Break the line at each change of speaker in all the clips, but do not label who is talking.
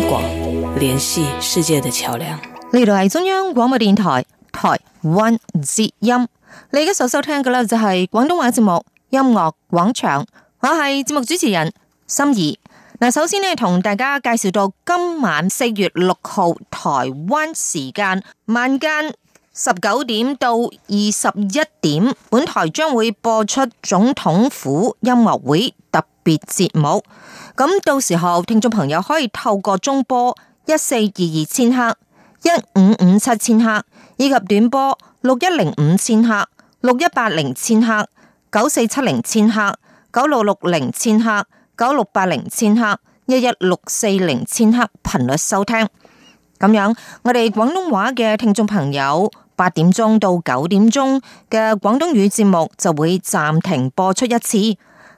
廣聯繫世界的橋梁，
呢度係中央廣播電台台灣之音。你而家所收聽嘅呢，就係廣東話節目《音樂廣場》，我係節目主持人心儀。嗱，首先呢，同大家介紹到今晚四月六號台灣時間晚間十九點到二十一點，本台將會播出總統府音樂會特。別節目，咁到時候聽眾朋友可以透過中波一四二二千赫、一五五七千赫，以及短波六一零五千赫、六一八零千赫、九四七零千赫、九六六零千赫、九六八零千赫、一一六四零千赫頻率收聽。咁樣，我哋廣東話嘅聽眾朋友八點鐘到九點鐘嘅廣東語節目就會暫停播出一次。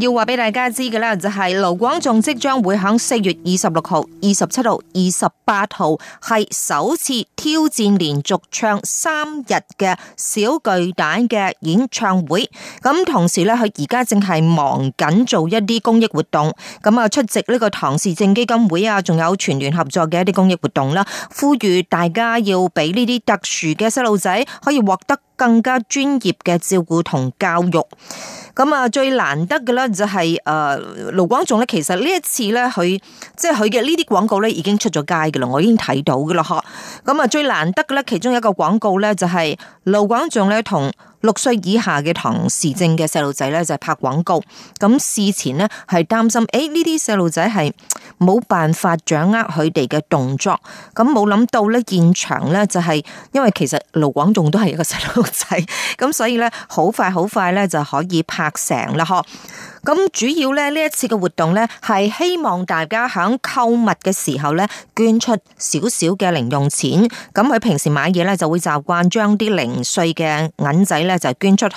要話俾大家知嘅咧，就係盧廣仲即將會喺四月二十六號、二十七號、二十八號係首次挑戰連續唱三日嘅小巨蛋嘅演唱會。咁同時呢，佢而家正係忙緊做一啲公益活動，咁啊出席呢個唐氏症基金會啊，仲有全聯合作嘅一啲公益活動啦，呼籲大家要俾呢啲特殊嘅細路仔可以獲得更加專業嘅照顧同教育。咁啊，最難得嘅咧就係，誒，盧廣仲咧，其實呢一次咧，佢即係佢嘅呢啲廣告咧，已經出咗街嘅啦，我已經睇到嘅啦吓。咁啊，最難得嘅咧，其中一個廣告咧，就係盧廣仲咧同。六歲以下嘅唐氏症嘅細路仔咧就係拍廣告，咁事前呢，係擔心，誒呢啲細路仔係冇辦法掌握佢哋嘅動作，咁冇諗到咧現場咧就係、是，因為其實盧廣仲都係一個細路仔，咁所以咧好快好快咧就可以拍成啦，嗬。咁主要咧呢一次嘅活動呢，係希望大家喺購物嘅時候呢捐出少少嘅零用錢。咁佢平時買嘢呢，就會習慣將啲零碎嘅銀仔呢就捐出去，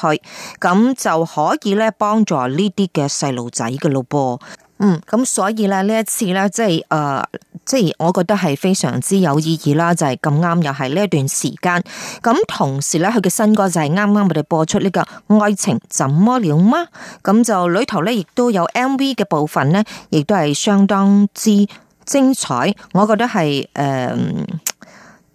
咁就可以呢幫助呢啲嘅細路仔㗎咯噃。嗯，咁所以咧呢一次咧，即係誒，即、呃、係、就是、我覺得係非常之有意義啦，就係咁啱又係呢一段時間，咁同時咧佢嘅新歌就係啱啱我哋播出呢、這個愛情怎麼了嗎，咁就裏頭咧亦都有 MV 嘅部分咧，亦都係相當之精彩，我覺得係誒。呃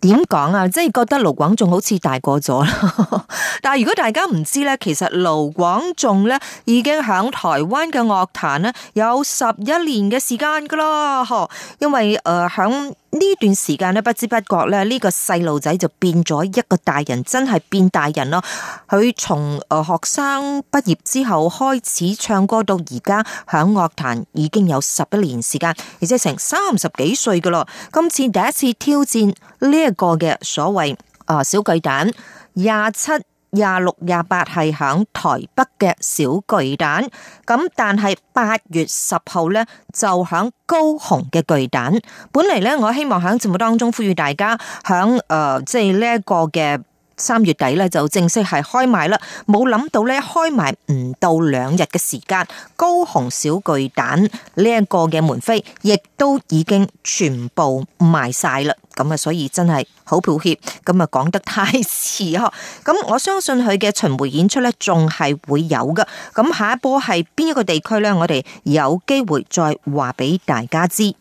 點講啊？即係覺得盧廣仲好似大過咗啦。但係如果大家唔知咧，其實盧廣仲咧已經響台灣嘅樂壇咧有十一年嘅時間噶啦，嗬。因為誒響。呃呢段時間呢，不知不覺呢，呢、呢個細路仔就變咗一個大人，真係變大人咯。佢從學生畢業之後開始唱歌，到而家響樂壇已經有十一年時間，而且成三十幾歲㗎咯。今次第一次挑戰呢一個嘅所謂小巨蛋廿七。廿六廿八係響台北嘅小巨蛋，咁但係八月十號咧就響高雄嘅巨蛋。本嚟咧，我希望喺節目當中呼籲大家響誒，即係呢一個嘅。三月底咧就正式係開賣啦，冇諗到咧開賣唔到兩日嘅時間，高雄小巨蛋呢一個嘅門飛亦都已經全部賣晒啦，咁啊所以真係好抱歉，咁啊講得太遲呵，咁我相信佢嘅巡迴演出呢，仲係會有噶，咁下一波係邊一個地區呢？我哋有機會再話俾大家知。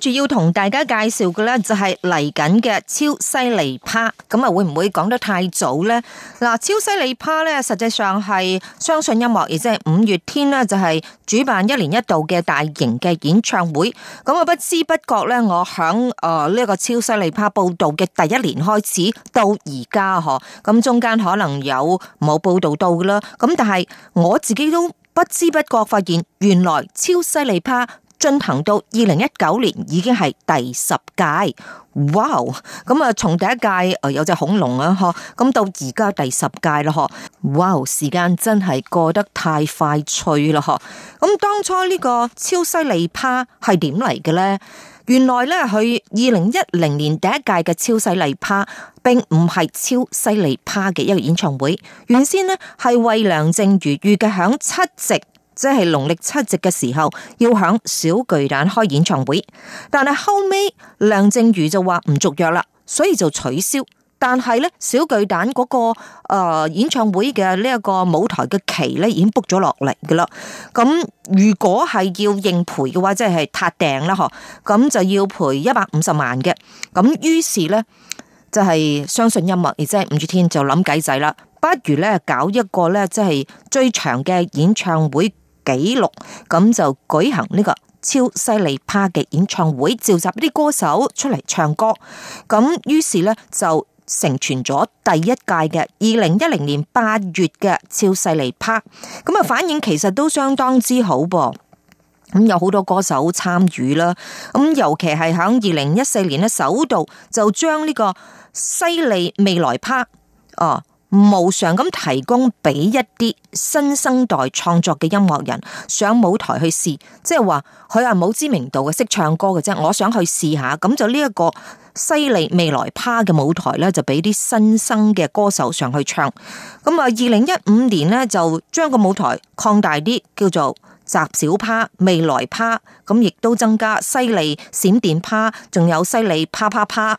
住要同大家介紹嘅呢，就係嚟緊嘅超犀利趴，咁啊會唔會講得太早呢？嗱，超犀利趴呢，實際上係相信音樂，亦即係五月天呢，就係主辦一年一度嘅大型嘅演唱會。咁我不知不覺呢、這個，我響誒呢個超犀利趴報道嘅第一年開始到而家嗬，咁中間可能有冇報道到啦。咁但係我自己都不知不覺發現，原來超犀利趴。進行到二零一九年已經係第十屆，哇！咁啊，從第一屆有隻恐龍啊，嗬，咁到而家第十屆啦，嗬，哇！時間真係過得太快脆啦，嗬！咁當初呢個超犀利趴係點嚟嘅呢？原來咧，佢二零一零年第一屆嘅超犀利趴，並唔係超犀利趴嘅一個演唱會，原先呢，係為梁靜茹預計響七夕。即係農曆七夕嘅時候，要響小巨蛋開演唱會，但係後尾梁靜茹就話唔續約啦，所以就取消。但係咧，小巨蛋嗰、那個誒、呃、演唱會嘅呢一個舞台嘅期咧已經 book 咗落嚟噶啦。咁如果係要認賠嘅話，即係撻訂啦嗬，咁就要賠一百五十萬嘅。咁於是咧，就係、是、相信音樂，亦即係五月天就諗計仔啦，不如咧搞一個咧，即、就、係、是、最長嘅演唱會記錄咁就舉行呢、這個超犀利趴嘅演唱會，召集啲歌手出嚟唱歌。咁於是呢，就成全咗第一屆嘅二零一零年八月嘅超犀利趴。咁啊，反應其實都相當之好噃、啊。咁有好多歌手參與啦。咁尤其係喺二零一四年咧，首度就、這個，就將呢個犀利未來趴哦。啊無償咁提供俾一啲新生代創作嘅音樂人上舞台去試，即係話佢係冇知名度嘅，識唱歌嘅啫。我想去試下，咁就呢一個犀利未來趴嘅舞台呢，就俾啲新生嘅歌手上去唱。咁啊，二零一五年呢，就將個舞台擴大啲，叫做，集小趴、未來趴，咁亦都增加犀利閃電趴，仲有犀利啪啪啪，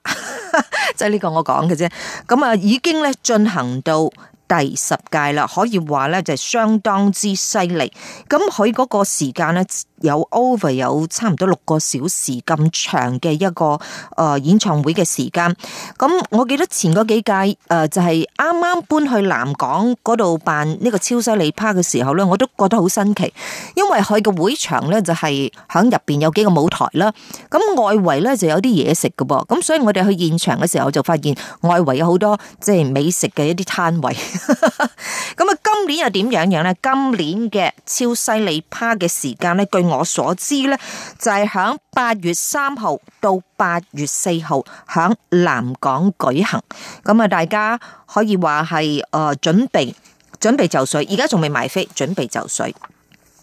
即係呢個我講嘅啫。咁啊，已經咧進行到第十屆啦，可以話咧就相當之犀利。咁佢嗰個時間咧。有 over 有差唔多六個小時咁長嘅一個誒演唱會嘅時間，咁我記得前幾屆就係啱啱搬去南港度辦呢個超犀利趴嘅時候咧，我都覺得好新奇，因為佢個會場咧就係響入邊有幾個舞台啦，咁外圍咧就有啲嘢食嘅噃。咁所以我哋去現場嘅時候就發現外圍有好多即係美食嘅一啲攤位。咁啊，今年又點樣樣咧？今年嘅超犀利趴嘅時間咧，我所知呢，就係響八月三號到八月四號響南港舉行，咁啊，大家可以話係誒準備準備就緒，而家仲未買飛，準備就緒。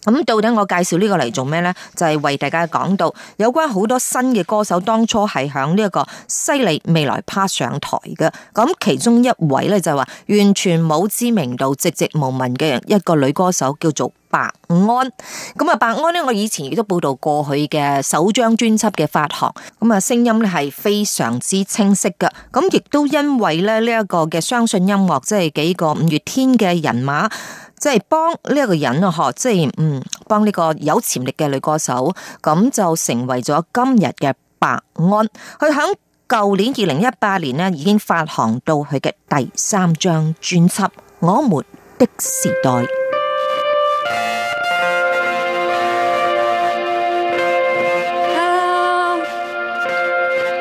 咁到底我介紹呢個嚟做咩呢？就係、是、為大家講到有關好多新嘅歌手，當初係響呢一個犀利未來趴上台嘅，咁其中一位呢，就話、是、完全冇知名度、籍籍無名嘅人，一個女歌手，叫做。白安咁啊！白安呢，我以前亦都報道過佢嘅首張專輯嘅發行，咁啊，聲音咧係非常之清晰嘅。咁亦都因為咧呢一個嘅相信音樂，即係幾個五月天嘅人馬，即係幫呢一個人啊，嗬，即係嗯，幫呢個有潛力嘅女歌手，咁就成為咗今日嘅白安。佢喺舊年二零一八年呢已經發行到佢嘅第三張專輯《我們的時代》。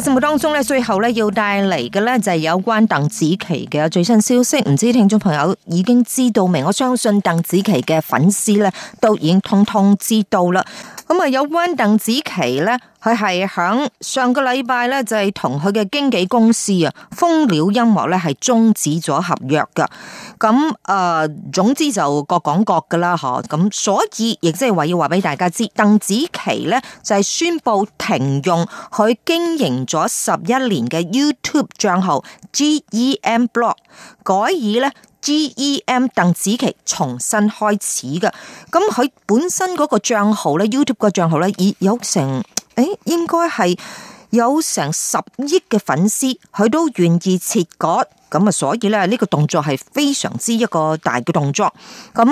節目當中咧，最後咧要帶嚟嘅咧就係有關鄧紫棋嘅最新消息。唔知聽眾朋友已經知道未？我相信鄧紫棋嘅粉絲咧都已經通通知道啦。咁啊，有 One 鄧紫棋咧，佢係響上個禮拜咧，就係同佢嘅經紀公司啊，蜂鳥音樂咧，係終止咗合約噶。咁誒、呃，總之就各講各噶啦，咁。所以亦即係話要話俾大家知，鄧紫棋咧就係、是、宣佈停用佢經營咗十一年嘅 YouTube 賬號 GEM Blog，改以咧。G.E.M. 鄧紫棋重新開始噶，咁佢本身嗰個賬號咧，YouTube 個賬號咧，已有成誒、欸，應該係有成十億嘅粉絲，佢都願意切割咁啊，所以咧呢、呢個動作係非常之一個大嘅動作。咁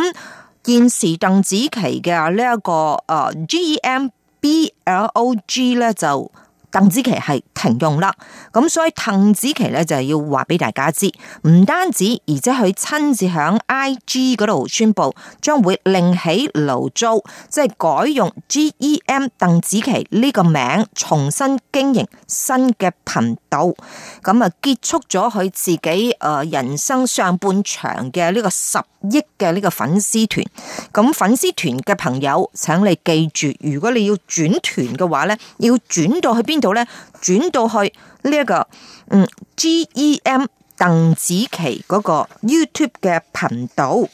現時鄧紫棋嘅呢一個誒 G.E.M.B.L.O.G 咧就。鄧紫棋係停用啦，咁所以鄧紫棋咧就要話俾大家知，唔單止，而且佢親自響 IG 嗰度宣布，將會另起爐灶，即係改用 GEM 鄧紫棋呢個名，重新經營新嘅頻道，咁啊結束咗佢自己誒人生上半場嘅呢個十。億嘅呢個粉絲團，咁粉絲團嘅朋友，請你記住，如果你要轉團嘅話咧，要轉到去邊度咧？轉到去呢、這、一個嗯 GEM 鄧紫棋嗰個 YouTube 嘅頻道。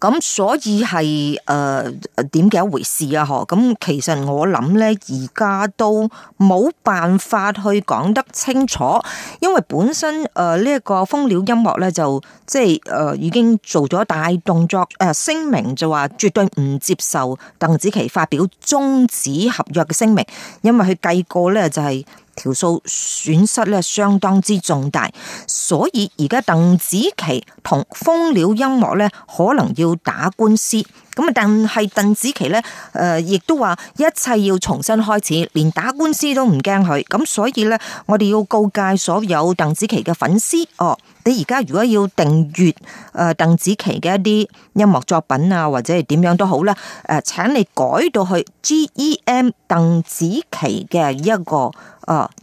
咁所以係誒點嘅一回事啊？嗬，咁其實我諗咧，而家都冇辦法去講得清楚，因為本身誒、呃這個、呢一個蜂鳥音樂咧就即係誒、呃、已經做咗大動作誒聲、呃、明，就話絕對唔接受鄧紫棋發表終止合約嘅聲明，因為佢計過咧就係、是。條數損失咧相當之重大，所以而家鄧紫棋同蜂鳥音樂咧可能要打官司，咁啊但係鄧紫棋咧誒亦都話一切要重新開始，連打官司都唔驚佢，咁所以咧我哋要告誡所有鄧紫棋嘅粉絲哦。你而家如果要訂閲誒鄧紫棋嘅一啲音樂作品啊，或者係點樣都好咧，誒請你改到去 G E M 鄧紫棋嘅一個誒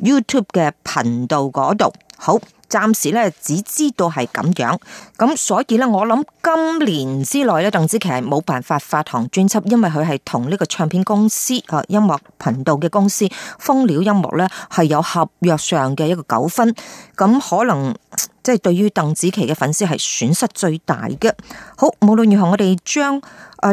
YouTube 嘅頻道嗰度。好，暫時咧只知道係咁樣。咁所以咧，我諗今年之內咧，鄧紫棋係冇辦法發行專輯，因為佢係同呢個唱片公司啊音樂頻道嘅公司蜂鳥音樂咧係有合約上嘅一個糾紛，咁可能。即係對於鄧紫棋嘅粉絲係損失最大嘅。好，無論如何，我哋將誒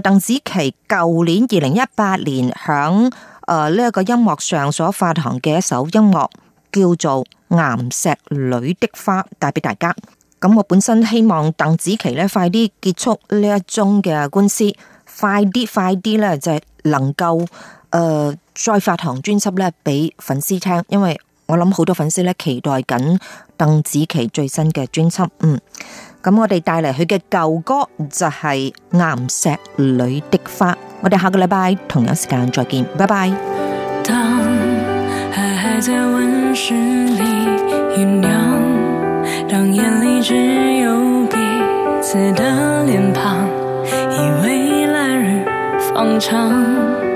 鄧紫棋舊年二零一八年響誒呢一個音樂上所發行嘅一首音樂叫做《岩石裡的花》帶俾大家。咁我本身希望鄧紫棋咧快啲結束呢一宗嘅官司，快啲快啲咧就係能夠誒再發行專輯咧俾粉絲聽，因為。我諗好多粉絲咧期待緊鄧紫棋最新嘅專輯，嗯，咁我哋帶嚟佢嘅舊歌就係，是《岩石裡的花》，我哋下個禮拜同樣時間再見，拜拜。當愛還在溫室裡醞釀，當
眼裡只有彼此的臉龐，以為來日方長。